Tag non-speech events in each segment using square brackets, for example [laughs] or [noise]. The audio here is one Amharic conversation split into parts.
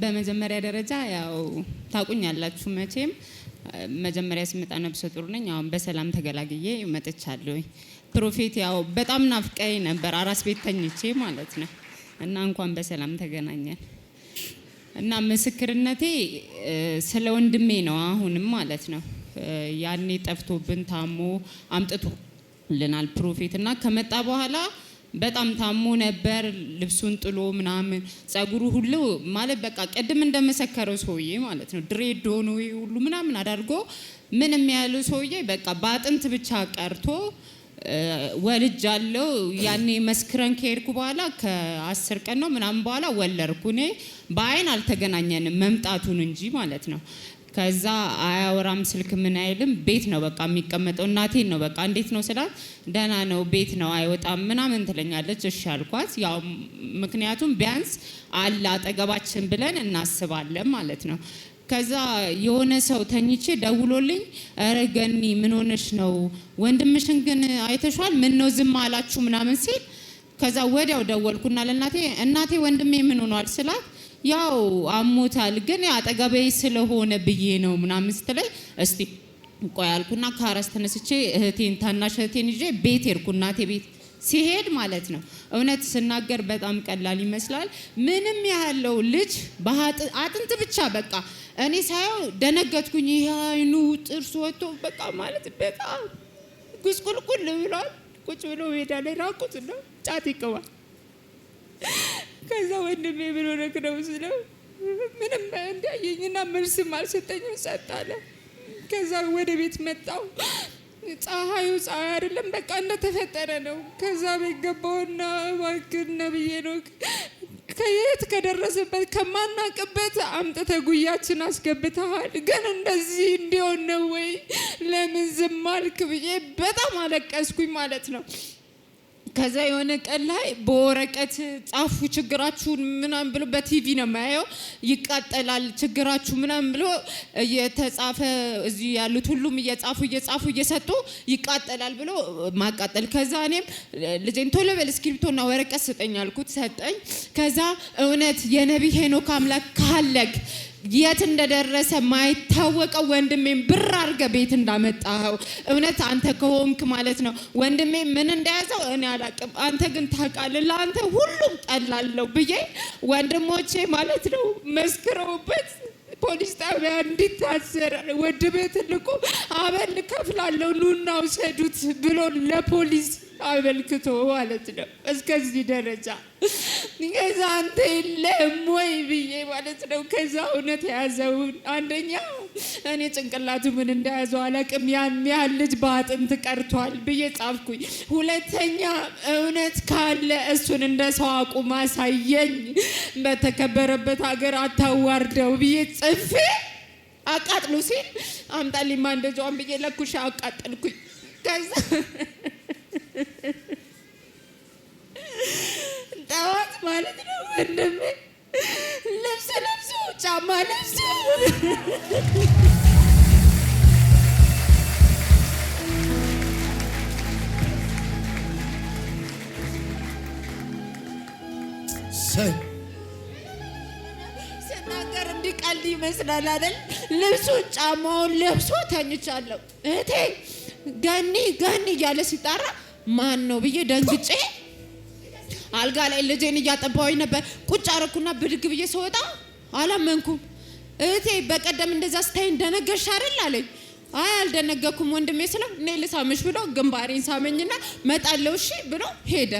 በመጀመሪያ ደረጃ ያው ያላችሁ መቼም መጀመሪያ ስመጣ ነብሰ ጡር ነኝ። አሁን በሰላም ተገላግዬ መጥቻለሁ። ፕሮፌት ያው በጣም ናፍቀኝ ነበር፣ አራስ ቤት ተኝቼ ማለት ነው። እና እንኳን በሰላም ተገናኘን እና ምስክርነቴ ስለ ወንድሜ ነው። አሁንም ማለት ነው ያኔ ጠፍቶብን ታሞ አምጥቶልናል ፕሮፌት እና ከመጣ በኋላ በጣም ታሞ ነበር። ልብሱን ጥሎ ምናምን ጸጉሩ ሁሉ ማለት በቃ ቅድም እንደመሰከረው ሰውዬ ማለት ነው ድሬድ ሆኖ ሁሉ ምናምን አዳርጎ ምንም ያለው ሰውዬ በቃ በአጥንት ብቻ ቀርቶ ወልጅ አለው። ያኔ መስክረን ከሄድኩ በኋላ ከአስር ቀን ነው ምናምን በኋላ ወለድኩ። እኔ በአይን አልተገናኘንም መምጣቱን እንጂ ማለት ነው ከዛ አያወራም፣ ስልክ ምን አይልም። ቤት ነው በቃ የሚቀመጠው። እናቴን ነው በቃ እንዴት ነው ስላት፣ ደህና ነው ቤት ነው አይወጣም ምናምን ትለኛለች። እሺ አልኳት። ያው ምክንያቱም ቢያንስ አለ አጠገባችን ብለን እናስባለን ማለት ነው። ከዛ የሆነ ሰው ተኝቼ ደውሎልኝ፣ እረ ገኒ ምን ሆነሽ ነው? ወንድምሽን ግን አይተሿል? ምን ነው ዝም አላችሁ ምናምን ሲል፣ ከዛ ወዲያው ደወልኩና ለእናቴ እናቴ ወንድሜ ምን ሆኗል ስላት ያው አሞታል ግን አጠገቤ ስለሆነ ብዬ ነው ምናምን ስትለኝ እስቲ ቆይ አልኩና ከአራስ ተነስቼ እህቴን ታናሽ እህቴን ይዤ ቤት ሄድኩ። እናቴ ቤት ሲሄድ ማለት ነው እውነት ስናገር በጣም ቀላል ይመስላል። ምንም ያለው ልጅ አጥንት ብቻ በቃ እኔ ሳየው ደነገጥኩኝ። ይህ አይኑ ጥርስ ወጥቶ በቃ ማለት በጣም ጉስቁልቁል ብሏል። ቁጭ ብሎ ሜዳ ላይ ራቁት ነው ጫት ይቅባል። ከዛ ወንድሜ ምን ሆነክ ነው ስለው ምንም እንዲያየኝና መልስም አልሰጠኝም ጸጥ አለ። ከዛ ወደ ቤት መጣው። ፀሐዩ ፀሐይ አይደለም በቃ እንደተፈጠረ ነው። ከዛ ቤት ገባውና እባክህ ነብዬ ነው ከየት ከደረሰበት ከማናቅበት አምጥተ ጉያችን አስገብተሃል፣ ግን እንደዚህ እንዲሆን ነው ወይ? ለምን ዝም አልክ ብዬ በጣም አለቀስኩኝ ማለት ነው። ከዛ የሆነ ቀን ላይ በወረቀት ጻፉ ችግራችሁን ምናምን ብሎ በቲቪ ነው የማየው። ይቃጠላል ችግራችሁ ምናምን ብሎ እየተጻፈ እዚህ ያሉት ሁሉም እየጻፉ እየጻፉ እየሰጡ ይቃጠላል ብሎ ማቃጠል። ከዛ እኔም ልጄን ቶሎ በል እስክሪብቶና ወረቀት ስጠኝ አልኩት፣ ሰጠኝ። ከዛ እውነት የነቢይ ሄኖክ አምላክ ካለግ የት እንደደረሰ ማይታወቀው ወንድሜን ብር አድርገ ቤት እንዳመጣኸው እውነት አንተ ከሆንክ ማለት ነው። ወንድሜ ምን እንደያዘው እኔ አላቅም፣ አንተ ግን ታውቃለህ። ለአንተ ሁሉም ጠላለሁ ብዬ ወንድሞቼ ማለት ነው መስክረውበት ፖሊስ ጣቢያ እንዲታሰር ወንድሜ ትልቁ አበል ከፍላለሁ ኑና ውሰዱት ብሎ ለፖሊስ አበልክቶ ማለት ነው። እስከዚህ ደረጃ ከዛ አንተ የለህም ወይ ብዬ ማለት ነው። ከዛ እውነት የያዘውን አንደኛ እኔ ጭንቅላቱ ምን እንደያዘው አላቅም። ያን ያህል ልጅ በአጥንት ቀርቷል ብዬ ጻፍኩኝ። ሁለተኛ እውነት ካለ እሱን እንደ ሰው አቁም አሳየኝ፣ በተከበረበት ሀገር አታዋርደው ብዬ ጽፌ አቃጥሉ ሲል አምጣልኝ ማንደጃዋን ብዬ ለኩሽ አቃጠልኩኝ ከዛ ጠዋት [laughs] ማለት ነው ወንድሜ ልብስ ለብሶ ጫማ ለብሶ ስናገር እንዲህ ቀልድ ይመስላል አይደል? ልብሱን ጫማውን ለብሶ ተኝቻለሁ። እህቴ ገኒ ገኒ እያለ ሲጠራ ማን ነው ብዬ ደንግጬ አልጋ ላይ ልጄን እያጠባሁኝ ነበር። ቁጭ አረኩና ብድግ ብዬ ስወጣ አላመንኩም። እህቴ በቀደም እንደዛ ስታይ እንደነገርሽ አይደል አለኝ። አይ አልደነገኩም ወንድሜ ስለው እኔ ልሳምሽ ብሎ ግንባሬን ሳመኝና መጣለው እሺ ብሎ ሄደ።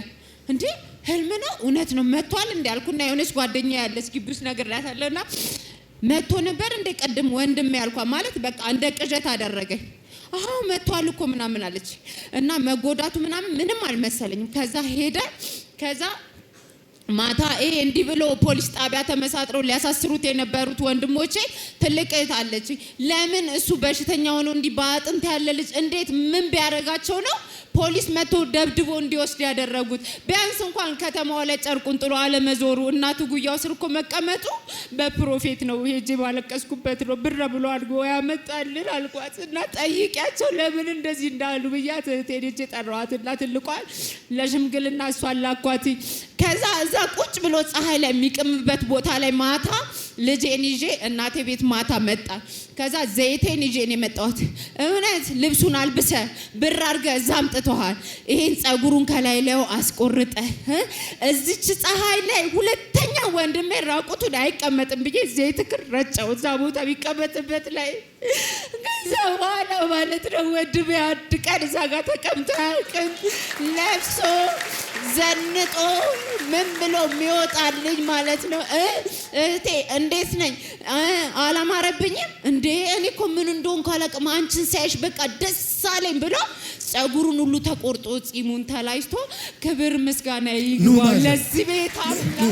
እንዴ ህልም ነው እውነት ነው መጥቷል እንዲ ያልኩና የሆነች ጓደኛ ያለች ግቢ ውስጥ ነግሬያታለሁና መጥቶ ነበር እንደ ቀድም ወንድሜ ያልኳ ማለት በቃ እንደ ቅዠት አደረገኝ። አሀ መጥቷል እኮ ምናምን አለች እና መጎዳቱ ምናምን ምንም አልመሰለኝም። ከዛ ሄደ ከዛ ማታ ይሄ እንዲህ ብሎ ፖሊስ ጣቢያ ተመሳጥረው ሊያሳስሩት የነበሩት ወንድሞቼ ትልቅ እህት አለች። ለምን እሱ በሽተኛ ሆኖ እንዲህ በአጥንት ያለ ልጅ እንዴት ምን ቢያደርጋቸው ነው ፖሊስ መጥቶ ደብድቦ እንዲወስድ ያደረጉት? ቢያንስ እንኳን ከተማዋ ላይ ጨርቁን ጥሎ አለመዞሩ፣ እናቱ ጉያው ስር እኮ መቀመጡ በፕሮፌት ነው። ሄጄ ባለቀስኩበት ነው ብር ብሎ አድጎ ያመጣልን አልኳት እና ጠይቂያቸው ለምን እንደዚህ እንዳሉ ብያት ሄጄ ጠራኋት እና ትልቋል ለሽምግልና እሷ አላኳት ከዛ ቁጭ ብሎ ፀሐይ ላይ የሚቅምበት ቦታ ላይ ማታ ልጄን ይዤ እናቴ ቤት ማታ መጣ። ከዛ ዘይቴን ይዤን ነው የመጣሁት። እውነት ልብሱን አልብሰ ብር አድርገ እዛ አምጥተሃል። ይሄን ፀጉሩን ከላይ ላዩ አስቆርጠ እዚች ፀሐይ ላይ ሁለተኛ ወንድሜ ራቁቱን አይቀመጥም ብዬ ዘይት ክር ረጨው እዛ ቦታ የሚቀመጥበት ላይ ከዛ በኋላ ማለት ነው ወንድሜ አንድ ቀን እዛ ጋር ተቀምጦ አያውቅም ለብሶ ዘንጦ ምን ብሎ የሚወጣልኝ ማለት ነው። እህቴ እንዴት ነኝ? አላማረብኝም እንዴ? እኔ እኮ ምን እንደሆንኩ አላውቅም። አንቺን ሳይሽ በቃ ደስ አለኝ ብሎ ጸጉሩን ሁሉ ተቆርጦ ጺሙን ተላጭቶ ክብር ምስጋና ይግባው ለዚህ ቤት አላ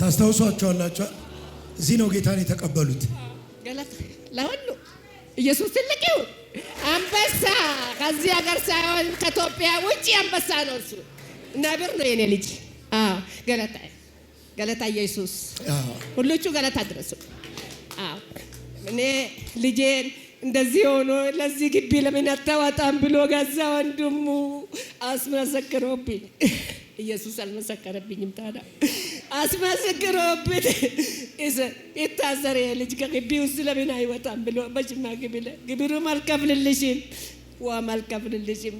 ታስታውሷቸዋላቸዋል። እዚህ ነው ጌታን የተቀበሉት ለሁሉ ኢየሱስ ትልቅ ይሁን። አንበሳ ከዚህ ሀገር ሳይሆን ከኢትዮጵያ ውጭ አንበሳ ነው። እሱ ነብር ነው የኔ ልጅ። ገለታ ገለታ፣ ኢየሱስ ሁሎቹ ገለታ ድረሱ። እኔ ልጄን እንደዚህ ሆኖ ለዚህ ግቢ ለምን አታወጣም ብሎ ገዛ ወንድሙ አስመሰክሮብኝ፣ ኢየሱስ አልመሰከረብኝም ታዲያ አስመስክሮብን ይታሰር ልጅ ከግቢ ውስጥ ለምን አይወጣም ብሎ በሽማግሌ ግብሩም አልከፍልልሽም ዋም አልከፍልልሽም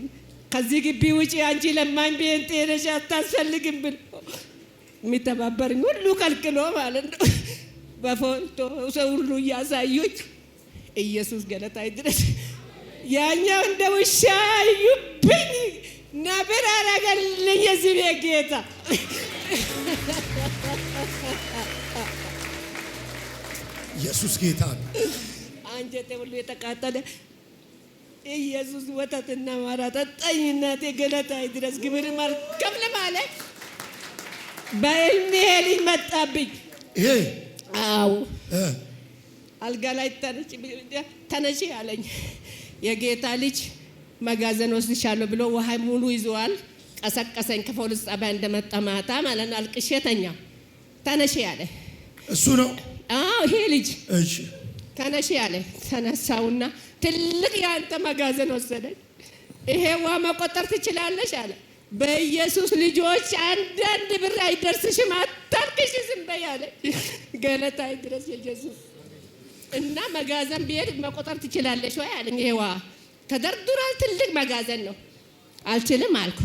ከዚህ ግቢ ውጪ አንቺ ለማኝ ቤንጤ ነሽ አታስፈልግም ብሎ የሚተባበርኝ ሁሉ ከልክሎ ማለት ነው። በፎቶ ሰው ሁሉ እያሳዩኝ ኢየሱስ ገለታ ይድረስ። ያኛው እንደ ውሻ እዩብኝ ነብር አረገልኝ የዚህ ቤት ጌታ ኢየሱስ ጌታ ነው። አንጀቴ ሁሉ የተቃጠለ ኢየሱስ ወተትና ማራ ጠጣኝ። እናቴ ገለታ ይድረስ። ግብር መርከብ ለማለት በእድሜ ልጅ መጣብኝ። አዎ አልጋ ላይ ተነሺ አለኝ። የጌታ ልጅ መጋዘን ወስድሻለሁ ብሎ ውሃ ሙሉ ይዘዋል። ቀሰቀሰኝ። ከፖሊስ ጣቢያ እንደመጣ ማታ ማለት ነው። አልቅሼ ተኛው። ተነሺ አለ እሱ ነው ይሄ ልጅ ተነሽ ያለ ተነሳውና ትልቅ የአንተ መጋዘን ወሰደኝ። ይሄ ዋ መቆጠር ትችላለሽ አለ። በኢየሱስ ልጆች አንዳንድ ብር አይደርስሽም፣ አታልቅሽ፣ ዝም በይ አለ። ገለታ የኢየሱስ እና መጋዘን ብሄድ መቆጠር ትችላለሽ ወይ ተደርድሯል፣ ትልቅ መጋዘን ነው። አልችልም አልኩ።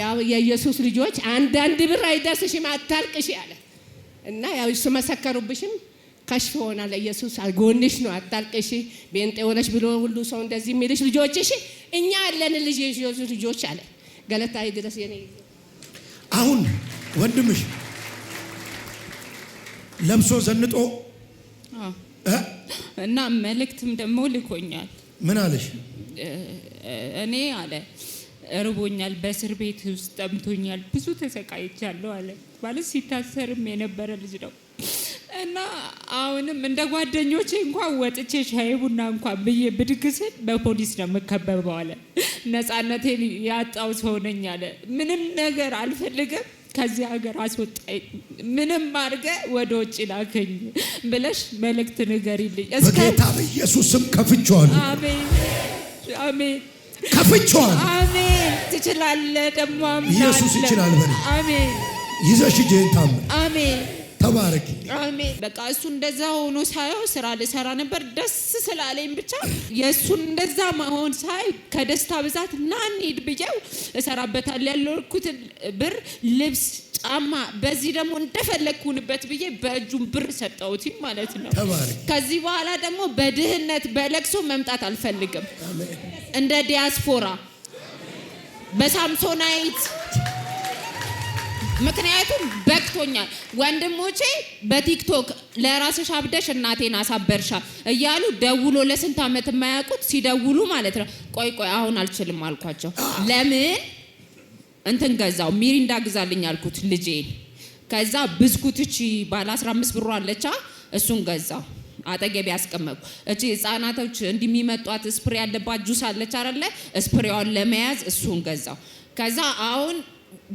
ያው የኢየሱስ ልጆች አንዳንድ ብር አይደርስሽም፣ አታልቅሽ አለ እና ያው እሱ መሰከሩብሽም ከሽፍ ሆናል። ኢየሱስ አልጎንሽ ነው፣ አታልቅሽ፣ ቤንጤ ሆነሽ ብሎ ሁሉ ሰው እንደዚህ የሚልሽ ልጆችሽ፣ እኛ ያለን ልጅ ኢየሱስ ልጆች አለ። ገለታ ድረስ የኔ አሁን ወንድምሽ ለብሶ ዘንጦ እና መልእክትም ደግሞ ልኮኛል። ምን አለሽ? እኔ አለ እርቦኛል፣ በእስር ቤት ውስጥ ጠምቶኛል፣ ብዙ ተሰቃይቻለሁ አለ። ማለት ሲታሰርም የነበረ ልጅ ነው እና አሁንም እንደ ጓደኞቼ እንኳን ወጥቼ ሻይ ቡና እንኳን ብዬ ብድግስን በፖሊስ ነው የምከበበው አለ። ነፃነቴን ያጣው ሰው ነኝ አለ። ምንም ነገር አልፈልግም ከዚህ ሀገር አስወጣኝ፣ ምንም አድርገ ወደ ውጭ ላከኝ ብለሽ መልእክት ንገሪልኝ። በጌታ በኢየሱስም ከፍቼዋለሁ። አሜን አሜን። ከፍቼዋለሁ። አሜን። ትችላለህ ደግሞ ኢየሱስ ይችላል። አሜን። ይዘሽ ጄንታም አሜን ተባረክ። አሜን። በቃ እሱ እንደዛ ሆኖ ሳየው ስራ ልሰራ ነበር። ደስ ስላለኝ ብቻ የእሱን እንደዛ መሆን ሳይ ከደስታ ብዛት ና እንሂድ ብዬው እሰራበታል ያለኩትን ብር ልብስ፣ ጫማ፣ በዚህ ደግሞ እንደፈለግኩንበት ብዬ በእጁን ብር ሰጠሁት ማለት ነው። ከዚህ በኋላ ደግሞ በድህነት በለቅሶ መምጣት አልፈልግም እንደ ዲያስፖራ በሳምሶናይት ምክንያቱም በቅቶኛል። ወንድሞቼ በቲክቶክ ለራስሽ አብደሽ እናቴን አሳበርሻ እያሉ ደውሎ ለስንት ዓመት የማያውቁት ሲደውሉ ማለት ነው። ቆይ ቆይ አሁን አልችልም አልኳቸው። ለምን እንትን ገዛው ሚሪንዳ ግዛልኝ አልኩት ልጄን። ከዛ ብስኩትቺ ባለ 15 ብሩ አለቻ እሱን ገዛው አጠገብ ያስቀመጥኩ እቺ ህጻናቶች እንዲሚመጧት ስፕሬ ያለባት ጁስ አለች አይደለ? ስፕሬዋን ለመያዝ እሱን ገዛው። ከዛ አሁን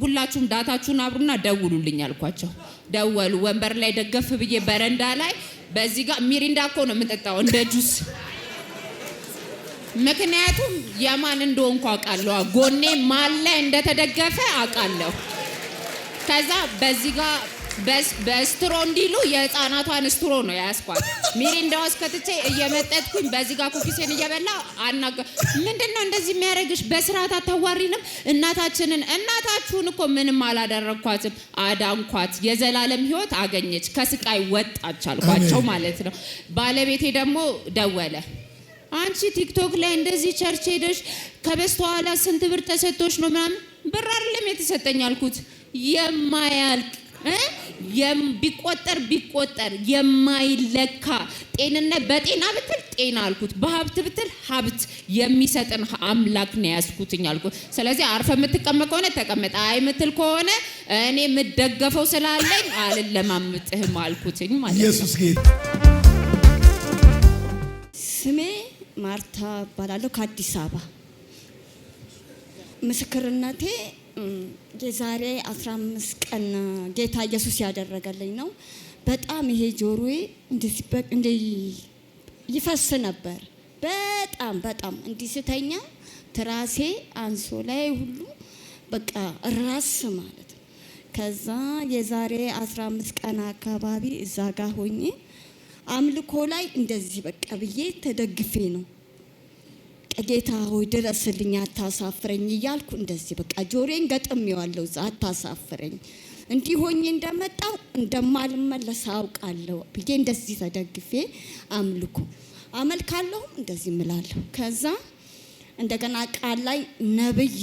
ሁላችሁም ዳታችሁን አብሩና ደውሉልኝ አልኳቸው። ደወሉ። ወንበር ላይ ደገፍ ብዬ በረንዳ ላይ በዚህ ጋር ሚሪንዳ እኮ ነው የምጠጣው እንደ ጁስ። ምክንያቱም የማን እንደሆንኩ አውቃለሁ። ጎኔ ማን ላይ እንደተደገፈ አውቃለሁ። ከዛ በዚህ ጋር በስትሮ እንዲሉ የህፃናቷን ስትሮ ነው ያስኳል። ሚሪንዳዋ እስከትቼ እየመጠጥኩኝ በዚህ ጋር ኩኪሴን እየበላ አናገ ምንድን ነው እንደዚህ የሚያደርግሽ? በስርዓት አታዋሪንም እናታችንን። እናታችሁን እኮ ምንም አላደረግኳትም፣ አዳንኳት። የዘላለም ህይወት አገኘች፣ ከስቃይ ወጣች አልኳቸው ማለት ነው። ባለቤቴ ደግሞ ደወለ። አንቺ ቲክቶክ ላይ እንደዚህ ቸርች ሄደሽ ከበስተኋላ ስንት ብር ተሰጥቶች ነው ምናምን። ብር አይደለም የተሰጠኝ አልኩት። የማያልቅ ቢቆጠር ቢቆጠር የማይለካ ጤንነት በጤና ብትል ጤና አልኩት፣ በሀብት ብትል ሀብት የሚሰጥን አምላክ ነው ያስኩትኝ አልኩት። ስለዚህ አርፈ የምትቀመጥ ከሆነ ተቀመጠ፣ አይ የምትል ከሆነ እኔ የምደገፈው ስላለኝ አልለማምጥህም አልኩትኝ ማለት ነው። ኢየሱስ ጌታ። ስሜ ማርታ እባላለሁ ከአዲስ አበባ ምስክርነቴ የዛሬ 15 ቀን ጌታ ኢየሱስ ያደረገልኝ ነው። በጣም ይሄ ጆሮዬ እንዲህ ይፈስ ነበር። በጣም በጣም እንዲስተኛ ትራሴ አንሶ ላይ ሁሉ በቃ ራስ ማለት ነው። ከዛ የዛሬ 15 ቀን አካባቢ እዛ ጋር ሆኜ አምልኮ ላይ እንደዚህ በቃ ብዬ ተደግፌ ነው ጌታ ሆይ ድረስልኝ፣ አታሳፍረኝ እያልኩ እንደዚህ በቃ ጆሮዬን ገጥሜዋለሁ። እዛ አታሳፍረኝ እንዲህ ሆኜ እንደመጣው እንደማልመለስ አውቃለሁ ብዬ እንደዚህ ተደግፌ አምልኮ አመልካለሁም እንደዚህ እምላለሁ። ከዛ እንደገና ቃል ላይ ነብይ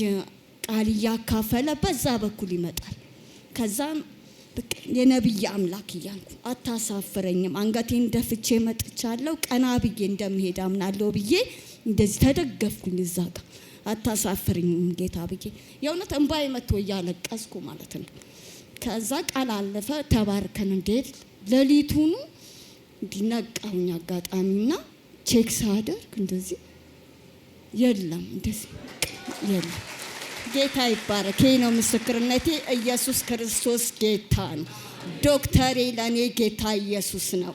ቃል እያካፈለ በዛ በኩል ይመጣል። ከዛ የነብይ አምላክ እያልኩ አታሳፍረኝም፣ አንገቴን ደፍቼ መጥቻለሁ፣ ቀና ብዬ እንደምሄድ አምናለሁ ብዬ እንደዚህ ተደገፍኩኝ እዛ ጋር አታሳፍርኝም ጌታ ብዬ የእውነት እንባዬ መጥቶ እያለቀስኩ ማለት ነው። ከዛ ቃል አለፈ ተባርከን እንዴት ሌሊቱኑ እንዲነቃውኝ አጋጣሚና ቼክ ሳደርግ እንደዚህ የለም እንደዚህ የለም። ጌታ ይባረክ። ይህ ነው ምስክርነቴ። ኢየሱስ ክርስቶስ ጌታ ነው። ዶክተሬ ለእኔ ጌታ ኢየሱስ ነው።